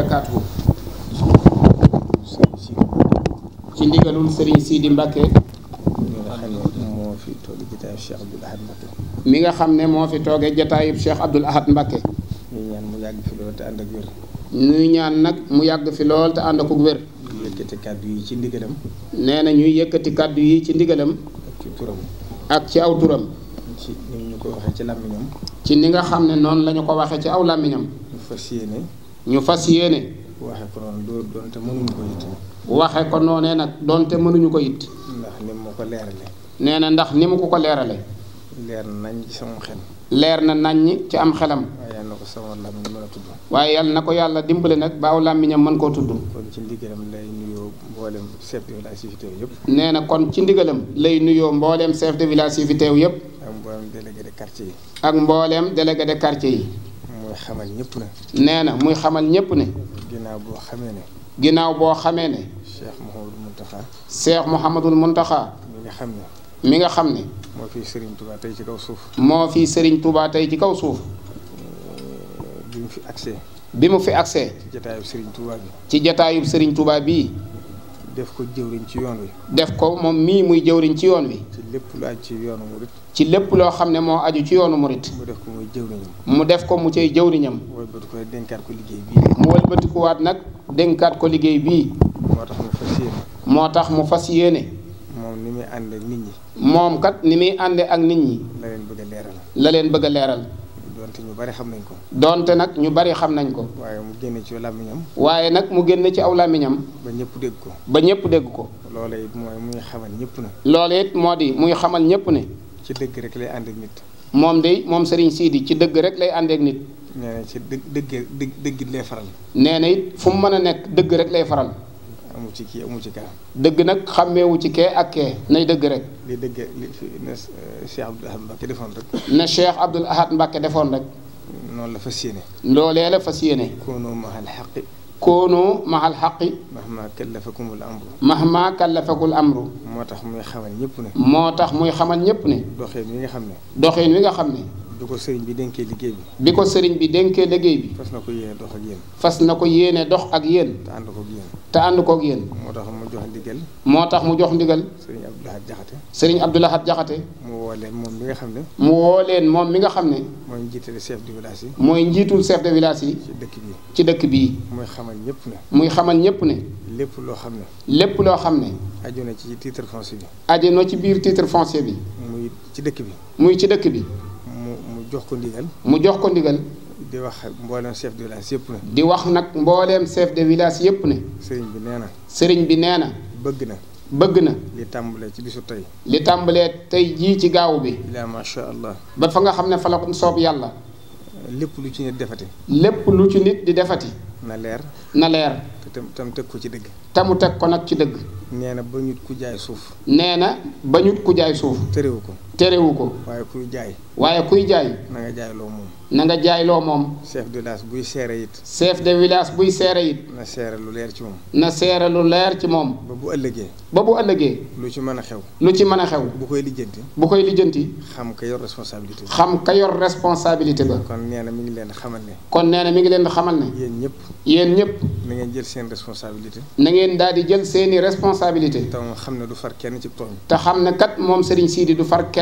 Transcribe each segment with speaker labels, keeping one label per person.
Speaker 1: barakaatu ci ndigalul Serigne Sidi Mbacke mi nga xam ne moo fi toogee jataayub Cheikh Abdoul Ahad Mbacke
Speaker 2: ñuy ñaan mu yàgg fi lool te ànd ak wér ñuy
Speaker 1: ñaan nag mu yàgg fi lool te ànd ak wér
Speaker 2: ñuy yëkkati kàddu yi ci ndigalam nee
Speaker 1: na ñuy yëkkati kàddu yi ci ndigalam ak ci turam ak ci aw turam ci ni ci ni nga xam ne noonu la ñu ko waxee ci aw làmmiñam ñu fas yéene.
Speaker 2: waxe ko noonu doo doonte mënuñu ko it. waxe
Speaker 1: ko noonee nag doonte mënuñu ko it.
Speaker 2: ndax ni mu ko leeralee.
Speaker 1: nee na ndax ni mu ko ko leerale
Speaker 2: leer nañ ci sama xel.
Speaker 1: leer na nañ ci am xelam. waaye
Speaker 2: yal na ko sama làmmiñ mën a tudd.
Speaker 1: waaye yal na ko yàlla dimbale nag baaw làmmiñam mën koo tudd. kon ci ndigalam lay nuyoo mboolem chef de village yi fi teew yëpp. nee na kon ci ndigalam lay nuyoo mbooleem sef de village yi fi teew yëpp.
Speaker 2: ak mbooleem délégué quartier yi.
Speaker 1: ak mbooleem délégué de yi.
Speaker 2: muy xamal ñëpp ne. nee na muy
Speaker 1: xamal ñëpp ne.
Speaker 2: ginnaaw boo xamee ne.
Speaker 1: ginnaaw boo xamee ne.
Speaker 2: Cheikh Mouhamadul Mountakha.
Speaker 1: Cheikh Mouhamadul Mountakha. mi xam ne.
Speaker 2: mi nga xam ne. moo fi sëriñ Touba tey ci kaw
Speaker 1: suuf. moo fi Serigne Touba tey ci kaw suuf. bi mu fi accès. bi mu fi accès. ci jataayub Serigne Touba bi. ci jataayub sëriñ Touba bi def ko jëwriñ ci yoon wi. def ko moom mii muy jëwriñ ci yoon wi. ci lépp lu ci yoonu murit. ci lépp loo xam ne moo aju ci yoonu murit mu def ko muy jëwriñam
Speaker 2: mu def ko mu cay jëwriñam mu wëlbatikuwaat
Speaker 1: dénkaat ko liggéey bii
Speaker 2: mu wëlbatikuwaat nag dénkaat ko liggéey bii moo tax mu fas yéene moo tax mu fas yéene moom ni muy ànd ak nit ñi moom
Speaker 1: kat ni muy ànd ak nit ñi
Speaker 2: la leen bëgg a leeral
Speaker 1: la leen bëgg a leeral
Speaker 2: donte ñu bari xam nañ ko
Speaker 1: donte nag ñu bari xam nañ ko waaye mu génne ci làmmiñam waaye nag mu génne ci aw làmmiñam ba ñëpp dégg ko ba ñëpp dégg ko loola it mooy muy xamal ñëpp ne loola it moo di muy xamal ñëpp ne ci dëgg rek lay ànd nit. moom de moom sii di ci dëgg rek lay àndeek nit.
Speaker 2: nee na ci dë dëgg dëgg lay faral.
Speaker 1: nee na fu mu mën a nekk dëgg rek lay faral.
Speaker 2: amu ci kii amu ci kaa.
Speaker 1: dëgg nag xàmmeewu ci kee ak kee nay dëgg rek.
Speaker 2: li dëgg li na eh, Cheikh Abdoul Ahad Mbacke defoon rek.
Speaker 1: na Cheikh Abdoul Ahad Mbacke defoon rek.
Speaker 2: noonu la fas yéene. loolee la fas yéene.
Speaker 1: koonoo maxal xaqi. mahma kallafakumul amru. mahma kallafakul amru. moo tax muy xamal ñëpp moo tax muy xamal ñëpp ne. doxin wi nga xam ne. doxin wi nga xam ne. bi ko sëriñ bi dénkee liggéey bi. bi ko sëriñ bi denkee liggéey bi. fas na ko yéene dox ak yéen. fas na ko yéene dox ak yéen. te ànd koog yéen. te ànd koog yéen. moo tax mu jox ndigal. moo tax mu jox ndigal. sëriñ Abdoulahat Jaxate. sëriñ Abdoulahat Jaxate.
Speaker 2: woo leen moom mi nga xam ne. mu
Speaker 1: woo leen moom mi nga xam ne.
Speaker 2: mooy njiital chef de village yi. mooy njiitul
Speaker 1: chef de village yi. ci dëkk bi ci dëkk bii.
Speaker 2: muy xamal ñëpp ne. muy xamal ñëpp ne. lépp loo xam ne. lépp loo xam ne. aju na ci titre foncier bi. aju na ci biir tiitre foncier bi. muy ci dëkk bi. muy ci dëkk bi.
Speaker 3: mu
Speaker 1: mu jox ko ndigal. mu jox ko ndigal.
Speaker 2: di wax mbooleem chef de village yëpp ne. di
Speaker 1: wax nag mbooleem chef de village yëpp ne. sëriñ bi nee na. seriñ bi nee na. bëgg na.
Speaker 2: bëgg na. li
Speaker 1: tàmbalee ci bisu tey. li tàmbalee tey jii ci gaaw bi. ilaa macha allah. ba fa nga xam ne fa la soob yàlla. lépp lu ci nit defati. lépp lu ci nit di defati. na leer. na leer. te tam teg ko ci dëgg. te mu teg ko nag ci dëgg. nee na ba ñut ku jaay suuf. nee na ba ñut ku jaay suuf. tërewu ko. terewu ko. waaye kuy jaay. waaye kuy jaay. na nga jaay moom. na nga jaay loo moom. chef de village buy seere it. chef de village buy seere it.
Speaker 2: na seere lu leer ci moom.
Speaker 1: na seere lu leer ci moom. ba bu ëllëgee. ba bu ëllëgee. lu ci mën a xew. lu ci mën a xew. bu koy lijjanti. bu koy lijjanti.
Speaker 2: xam ka yor responsabilité.
Speaker 1: xam ka yor responsabilité ba. kon nee na mi ngi leen xamal ne. kon nee na mi ngi leen di xamal ne. yéen ñëpp. yéen ñëpp.
Speaker 2: na jël seen responsabilité.
Speaker 1: na ngeen daal di jël seeni responsabilité. te xam ne du far kenn ci tooñ. te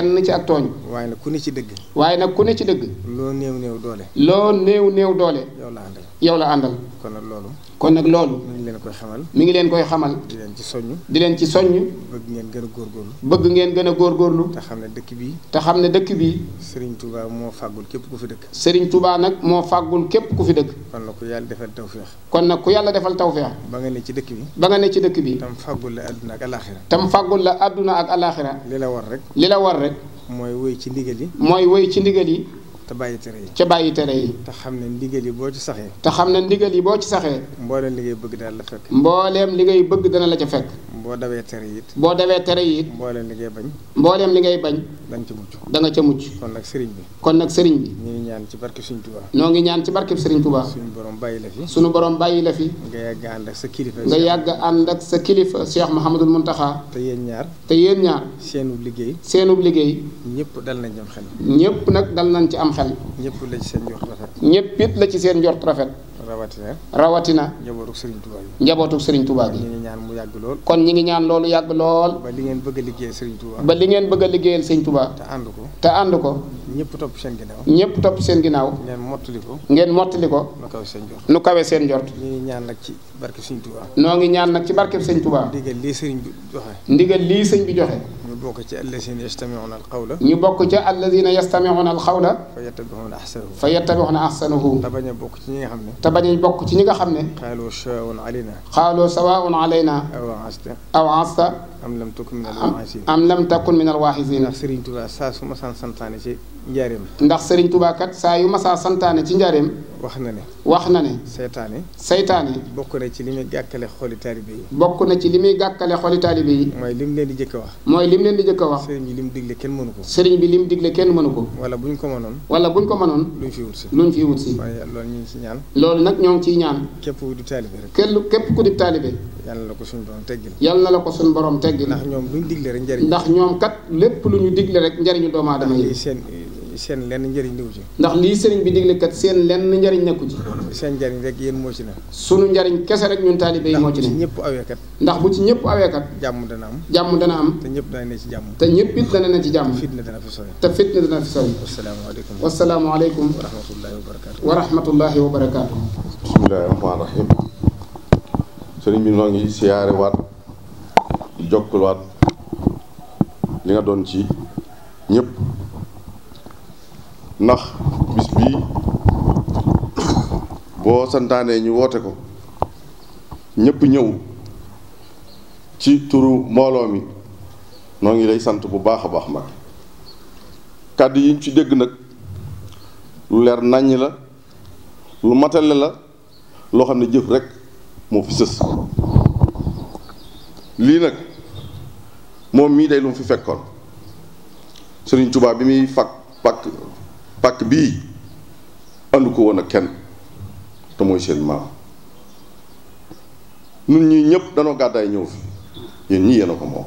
Speaker 1: kenn ci ak tooñ. waaye nag ku ne ci dëgg. waaye nag ku ne ci dëgg.
Speaker 2: loo néew néew doole.
Speaker 1: loo néew néew doole. yow la àndal yow la àndal. kon nag loolu. kon nag loolu.
Speaker 2: mi leen koy xamal. mi ngi leen koy xamal. di leen ci soññ. di leen ci soññ. ngeen gën a góorgóorlu.
Speaker 1: bëgg ngeen gën a góorgóorlu. te xam ne dëkk bii. te xam ne dëkk bii.
Speaker 2: Serigne Touba moo fàggul képp ku
Speaker 1: fi dëkk. Serigne Touba nag moo fàggul képp ku fi dëkk. kon nag ku yàlla defal tawféex. kon nag ku yàlla defal tawféex.
Speaker 2: ba nga ne ci dëkk bi.
Speaker 1: ba nga ne ci dëkk bi. tam fàggul la àdduna ak alaaxira. tam fàggul la àdduna ak alaaxira. li la war rek. li la war rek.
Speaker 2: mooy wéy ci ndigal yi.
Speaker 1: mooy woy ci ndigal yi. te bàyyi tere yi. ca bàyyi tere yi. te xam ne ndigal yi boo ci saxee. te xam ne ndigal yi boo ci saxee. mbooleem li ngay bëgg dana la fekk. mbooleem li ngay bëgg dana la ca fekk. boo dawee tere yi it. boo dawee tere yi it. mbooleem li ngay bañ. mbooleem li ngay bañ. da nga ca mucc danga nga ca mucc. kon nag sëriñ bi. kon nag sëriñ bi. ñu ñaan ci barkeb sëriñ Touba. noo ngi ñaan ci barkeb sëriñ Touba. suñu borom bàyyi la fi. suñu borom bàyyi la
Speaker 2: fi. nga yàgg ànd ak sa kilifa.
Speaker 1: nga yàgg ànd ak sa kilifa Cheikh Mouhamadul Mountakha. te yéen ñaar. te yéen ñaar. seenub liggéey. seenub liggéey. ñëpp dal nañ ci am xel. ñëpp nag dal nañ ci am xel. ñëpp la ci seen njort
Speaker 2: rafet. ñëpp it
Speaker 1: la ci seen njort rafet
Speaker 2: rawatina. rawatina. njabootu Serigne Touba gi. njabootu Serigne Touba gi. kon ñi ngi ñaan mu yàgg
Speaker 1: lool. kon ñi ngi ñaan loolu yàgg lool. ba li ngeen bëgg a liggéeyal Serigne Touba. ba li ngeen bëgg a liggéeyal Serigne Touba. te ànd ko. te ànd ko. ñëpp topp seen ginnaaw. ñëpp topp seen ginnaaw. ngeen mottali ko. ngeen mottali ko. nu kawe seen jort. nu kawe seen jort. ñi ngi ñaan nag ci barke Serigne Touba. noo ngi ñaan nag ci barke Serigne Touba. ndigal lii Serigne bi joxe. ndigal lii Serigne bi joxe. bokk ci allazina yastami'una alqawla ñu bokk ca allazina yastami'una alqawla
Speaker 2: fa yattabi'una ahsanahu fa yattabi'una
Speaker 1: ahsanahu te bañ a bokk ci ñi nga xam ne te bañ a bokk ci ñi nga xam ne xaaloo sawaun alayna xaaloo sawaun alayna aw asta aw asta am lam takun min alwaxisin am lam takun min alwaxisin ndax Sëriñ Tuubaa saa su ma saan santaane ci njaareem ndax Serigne Touba kat saa yu masaa santaane ci njaareem. wax na ne. wax na ne. seytaane. seytaane. bokk na ci li muy gàkkale xoli taalibe yi. bokk na ci li muy gàkkale xoli taalibe yi. mooy lim leen di jëkk a wax. mooy lim leen di jëkk a wax. Serigne bi lim digle kenn mënu ko. Serigne bi lim digle kenn mënu ko. wala buñ ko mënoon. wala ñu ko mënoon. luñ fi wut si luñ fi wut si.
Speaker 2: waaye loolu ñu ngi si
Speaker 1: ñaan. loolu nag ñoo ngi ciy ñaan. képp ku di taalibe rek. képp képp ku di
Speaker 2: ko suñu borom teggil.
Speaker 1: yàlla na la ko suñu borom teggil. ndax ñoom luñ digle rek njariñ. ndax ñoom kat lépp lu ñu digle rek njariñu doomu aadama yi seen lenn njëriñ newu ci ndax lii sëriñ bi digle kat seen lenn njëriñ nekku ci seen njëriñ rek yéen moo ci ne sunu njëriñ kese rek ñun taalibe yi moo ci ne ñëpp awee kat ndax bu ci ñëpp awee kat jàmm dana am jàmm dana am
Speaker 2: te ñëpp dana ne ci jàmm
Speaker 1: te ñëpp it dana ne ci jàmm fitna dana fi sori te fitna dana fi sori asalaamaaleykum wasalaamaaleykum wa rahmatullahi wa barakaatu wa rahmatullahi wa barakaatu
Speaker 3: bismillahi rahmaan rahim sëriñ bi noo ngi siyaare waat jokkul waat li nga doon ci ndax bis bii boo santaanee ñu woote ko ñépp ñëw ci turu mbooloo mi noo ngi lay sant bu baax a baax mag kàddu yi ñu ci dégg nag lu leer nàññ la lu matale la loo xam ne jëf rekk moo fi sës lii nag moom mii day lu mu fi fekkoon Sëriñ Tuubaa bi muy fakk pakk pàkk bii àndu ko woon ak kenn te mooy seen maam nun ñii ñëpp danoo gàddaay ñëw fi yéen ñii yéen ko moom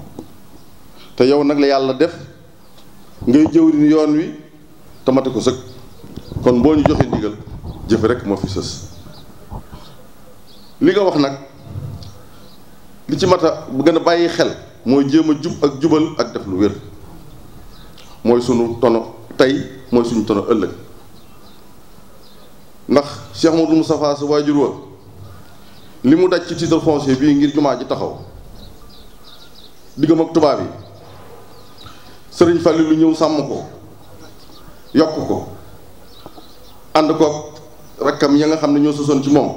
Speaker 3: te yow nag la yàlla def ngay jëwriñ yoon wi te mate ko sëkk kon boo ñu joxee ndigal jëfe rek moo fi sës li nga wax nag li ci mata bu gën a bàyyi xel mooy jéem a jub ak jubal ak def lu wér mooy sunu tono tey mooy suñu tono ëllëg ndax Cheikh Modou Moustapha sa waajur wa li mu daj ci titre foncier bii ngir jumaa ji taxaw diggam ak tubaab yi sëriñ lu ñëw sàmm ko yokk ko ànd ko rakkam ya nga xam ne ñoo sosoon ci moom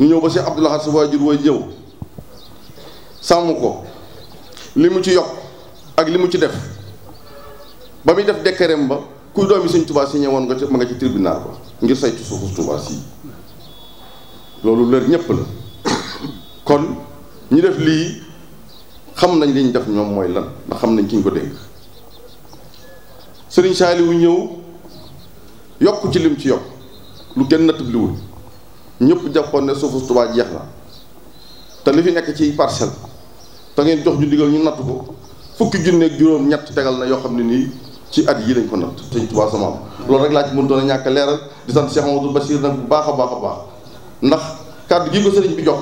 Speaker 3: ñu ñëw ba Cheikh Abdou Lahad sa waajur wa ñëw sàmm ko li mu ci yokk ak li mu ci def ba muy def décret ba kuy doomi Sëñ Tuubaa si ñëwoon nga ci ma nga ci tribunal ba ngir saytu suufu Tuubaa si loolu lër ñépp la kon ñu def lii xam nañ liñ def ñoom mooy lan ndax xam nañ ki ñu ko dénk Sëriñ wu ñëw yokk ci lim ci yokk lu kenn nattabliwul ñëpp jàppoon ne suufu tubaa jeex na te li fi nekk ci parcelle te ngeen jox ñu digal ñu natt ko fukki junneeg juróom ñett tegal na yoo xam ne nii ci at yii lañ ko natt sëñ Tuubaa sama am loolu rek laa ci mën doon a ñàkk leeral di sant Cheikh Amadou Bachir nag bu baax a baax a baax ndax kàddu gi ko sëriñ bi jox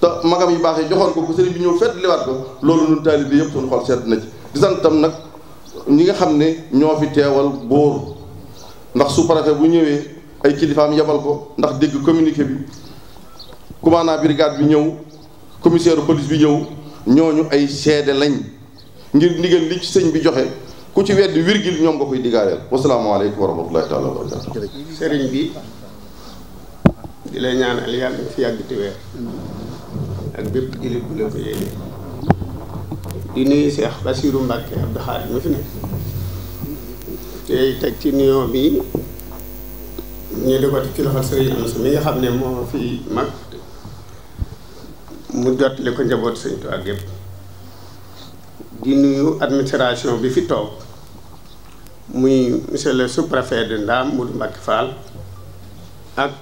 Speaker 3: te magam yu baax yi joxoon ko ko sëriñ bi ñëw fedd liwaat ko loolu ñun taalib bi yëpp suñu xol sedd na ci di sant tam nag ñi nga xam ne ñoo fi teewal bóor ndax su préfet bu ñëwee ay kilifaam yebal ko ndax dégg communiqué bi commandant brigade bi ñëw commissaire police bi ñëw ñooñu ay seede lañ ngir ndigal li ci sëñ bi joxe ku ci weddi virgule ñoom nga koy diggaaleel wasalaamaaleykum wa rahmatullahi taala
Speaker 4: sëriñ bi di lay ñaan yàlla nga fi yàgg te weer ak bépp jullit bu la ko yéene di nuyu Seex Basiiru Mbàkke Abdu Xaadir mi fi nekk tey teg ci nuyoo bi ñu di ko ci loxo sëriñ am sa mi nga xam ne moo fi mag mu jot li ko njaboot sëñ Tuubaa gépp di nuyu administration bi fi toog muy monsieur le sous-préfet de Ndam Modou Mbacké Fall ak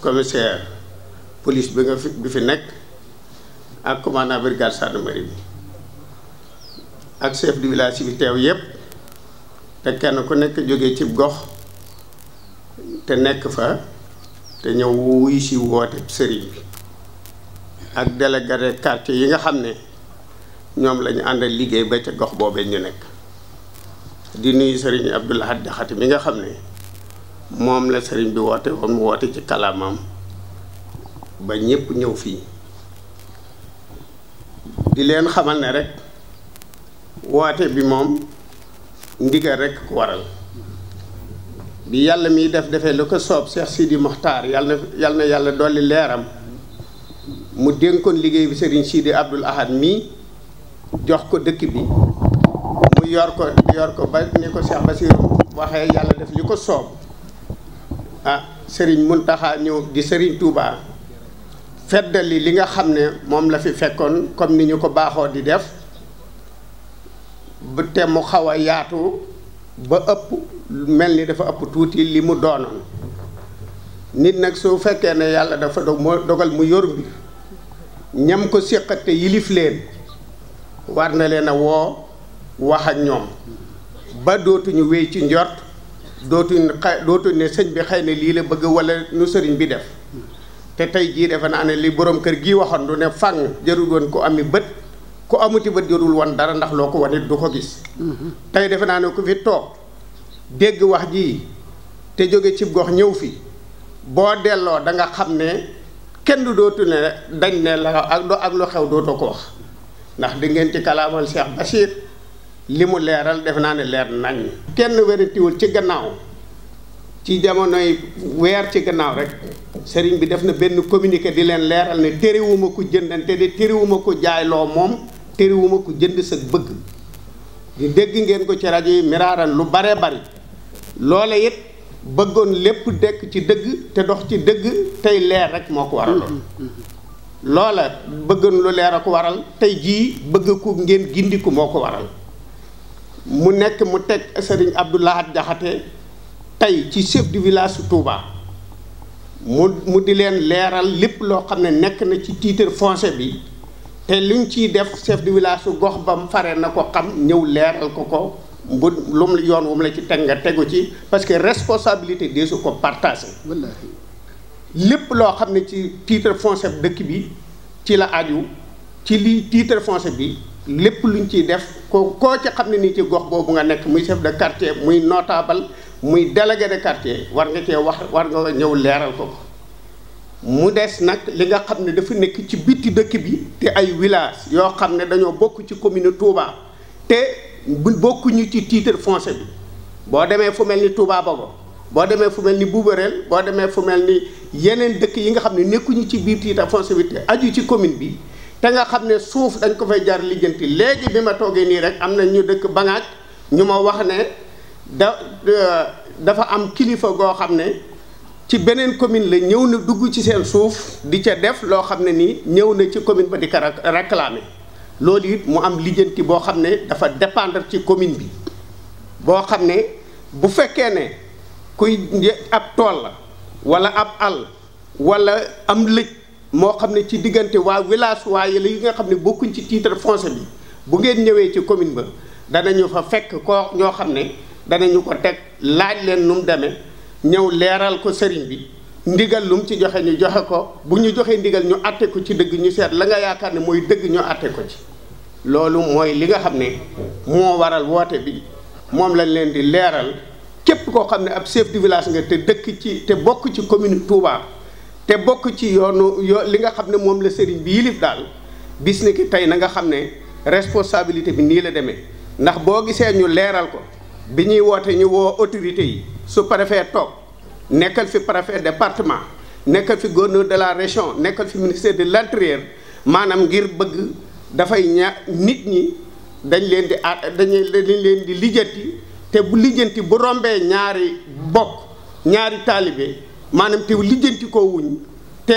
Speaker 4: commissaire police bi nga fi bi fi nekk ak commandant brigade gendarmerie bi ak chef de village bi teew yépp te kenn ku nekk jóge ci gox te nekk fa te ñëw wuy si woote sëriñ bi ak délégué quartier yi nga xam ne ñoom la ñu àndal liggéey ba ca gox boobee ñu nekk di nuyu sëriñ Abdoul Ahad Diakhaté mi nga xam ne moom la sëriñ bi woote woon mu woote ci kàllaamaam ba ñépp ñëw fii di leen xamal ne rek woote bi moom ndigal rek ku waral bi yàlla miy def defee lu ko soob Cheikh Sidi Mokhtar yàlla yàlla na yàlla dolli leeram mu dénkoon liggéey bi sëriñ Sidi Abdoul Ahad mii jox ko dëkk bi yor ko yor ko ba ni ko Cheikh Bassirou waxee yàlla def li ko soob ah Serigne taxaa ñëw di sëriñ tuubaa feddali li li nga xam ne moom la fi fekkoon comme ni ñu ko baaxoo di def te mu xaw a yaatu ba ëpp mel ni dafa ëpp tuuti li mu doonoon nit nag su fekkee ne yàlla dafa dog moo dogal mu yor mbir ñam ko séqat te yilif leen war na leen a woo wax ak ñoom ba dootuñu wéy ci njort dootuñu xa dootuñ ne sëñ bi xëy na lii la bëgg wala nu sëriñ bi def te tey jii defe naa ne li boroom kër gii waxoon du ne fang jarul woon ku ami bët ku amuti bët jarul woon dara ndax loo ko wanit du ko gis defe naa ne ku fi dégg wax jii te jóge cib gox ñëw fi boo delloo da xam ne kenn du dootu ne dañ ne la ak xew dootoo ko wax ndax di ngeen ci kalaamal Cheikh Bachir li mu leeral def naa ne leer nañ kenn wératiwul ci gannaaw ci jamonoy weer ci gannaaw rek sëriñ bi def na benn communiqué di leen leeral ne téerewuma ko jëndante de téréwuma ko jaayloo moom téréwuma ko jënd sa bëgg di dégg ngeen ko ci rajo yi miraaran lu bare bari loole it bëggoon lépp dekk ci dëgg te dox ci dëgg tey leer rek moo ko waraloon loola bëggoon lu leer a ko waral tey jii bëgg ku ngeen gindiku moo ko waral mu nekk mu teg sëriñ Abdou Lahad Jaxate tey ci chef du village su Touba mu mu di leen leeral lépp loo xam ne nekk na ci titre foncier bi te luñ ciy def chef du village su gox bam fare na ko xam ñëw leeral ko ko bu lum yoon wu mu la ci teg nga tegu ci parce que responsabilité de su ko partagé lépp loo xam ne ci titre bi dëkk bi ci la aju ci li titre foncé bi lépp lu ñu ciy def ko koo ci xam ne nii ci gox boobu nga nekk muy chef de quartier muy notable muy délégué de quartier war nga cee wax war nga ñëw leeral ko ko mu des nag li nga xam ne dafa nekk ci bitti dëkk bi te ay village yoo xam ne dañoo bokk ci commune Touba te bu bokkuñu ci titre foncier bi boo demee fu mel ni Touba Bogo boo demee fu mel ni Boubarel boo demee fu mel ni yeneen dëkk yi nga xam ne nekkuñu ci biir titre foncier bi te aju ci commune bi te nga xam ne suuf dañ ko fay jaar lijjanti léegi bi ma toogee nii rek am na ñu dëkk Bangaaj ñu ma wax ne da dafa am kilifa goo xam ne ci beneen commune la ñëw na dugg ci seen suuf di ca def loo xam ne nii ñëw na ci commune ba di ko réclamer loolu it mu am lijjanti boo xam ne dafa dépendre ci commune bi boo xam ne bu fekkee ne kuy ab tool la wala ab àll wala am lëj moo xam ne ci diggante waa village waaye la yi nga xam ne bokkuñ ci titre foncier bi bu ngeen ñëwee ci commune ba danañu fa fekk koo ñoo xam ne danañu ko teg laaj leen nu mu demee ñëw leeral ko sëriñ bi ndigal lu mu ci joxe ñu joxe ko bu ñu joxee ndigal ñu àtte ko ci dëgg ñu seet la nga yaakaar ne mooy dëgg ñu àtte ko ci loolu mooy li nga xam ne moo waral woote bi moom lañ leen di leeral képp koo xam ne ab chef de village nga te dëkk ci te bokk ci commune Touba te bokk ci yoonu yo li nga xam ne moom la sëriñ bi yilif daal bis tey na nga xam ne responsabilité bi nii la demee ndax boo gisee ñu leeral ko bi ñuy woote ñu woo autorité yi su préfet toog nekkal fi préfet département nekkal fi gouverneur de la région nekkal fi ministère de l'intérieur maanaam ngir bëgg dafay ña nit ñi dañ leen di a dañu dañ leen di lijjanti te bu lijjanti bu rombee ñaari bokk ñaari taalibe maanaam te lijjanti koo wuñ te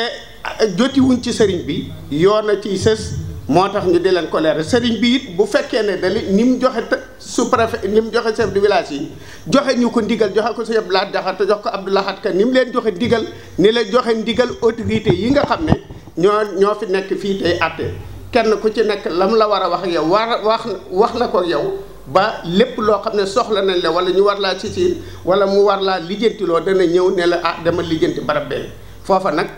Speaker 4: joti wuñ ci sëriñ bi yoon na ciy sës moo tax ñu di leen ko leeral sëriñ bi it bu fekkee ne dali ni mu joxe sous-préfet ni mu joxe chef di village yi joxe ñu ko ndigal joxe ko sëñ Abdoulaye te jox ko Abdou Lahad Ka ni mu leen joxe ndigal ni la joxe ndigal autorité yi nga xam ne ñoo ñoo fi nekk fii tey àtte kenn ku ci nekk la mu la war a wax ak yow war wax wax la ko yow ba lépp loo xam ne soxla nañ la wala ñu war laa sisin wala mu war laa lijjantiloo dana ñëw ne la ah dama lijjanti barab benn foofa nag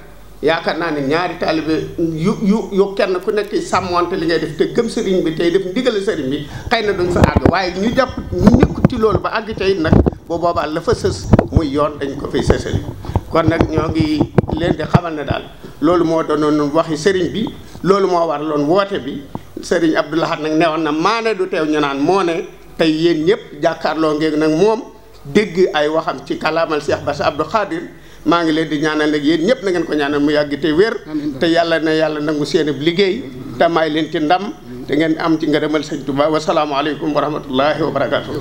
Speaker 4: yaakaar naa ne ñaari taalibe yu yu yu kenn ku nekk sàmmonte li ngay def te gëm sëriñ bi tey def ndigal sëriñ bi xëy na duñ fa àgg waaye ñu jàpp ñu nekk ci loolu ba àgg tey nag bu boobaa la fa sës muy yoon dañ ko fay sësali kon nag ñoo ngi leen di xamal ne daal loolu moo doonoon waxi sëriñ bi loolu moo waraloon woote bi Serigne Abdou Lahad nag newoon na maane du teew ñu naan moo tey yéen ñëpp jàkkaarloo ngeen nag moom dégg ay waxam ci kalaamal Cheikh Bass Abdou Khadir maa ngi leen di ñaanal nag yéen ñëpp na ngeen ko ñaanal mu yàgg te wér te yàlla na yàlla nangu bu liggéey te may leen ci ndam te ngeen am ci ngërëmal sëñ Tuubaa wa salaamu aleykum wa rahmatullahi wa barakaatu.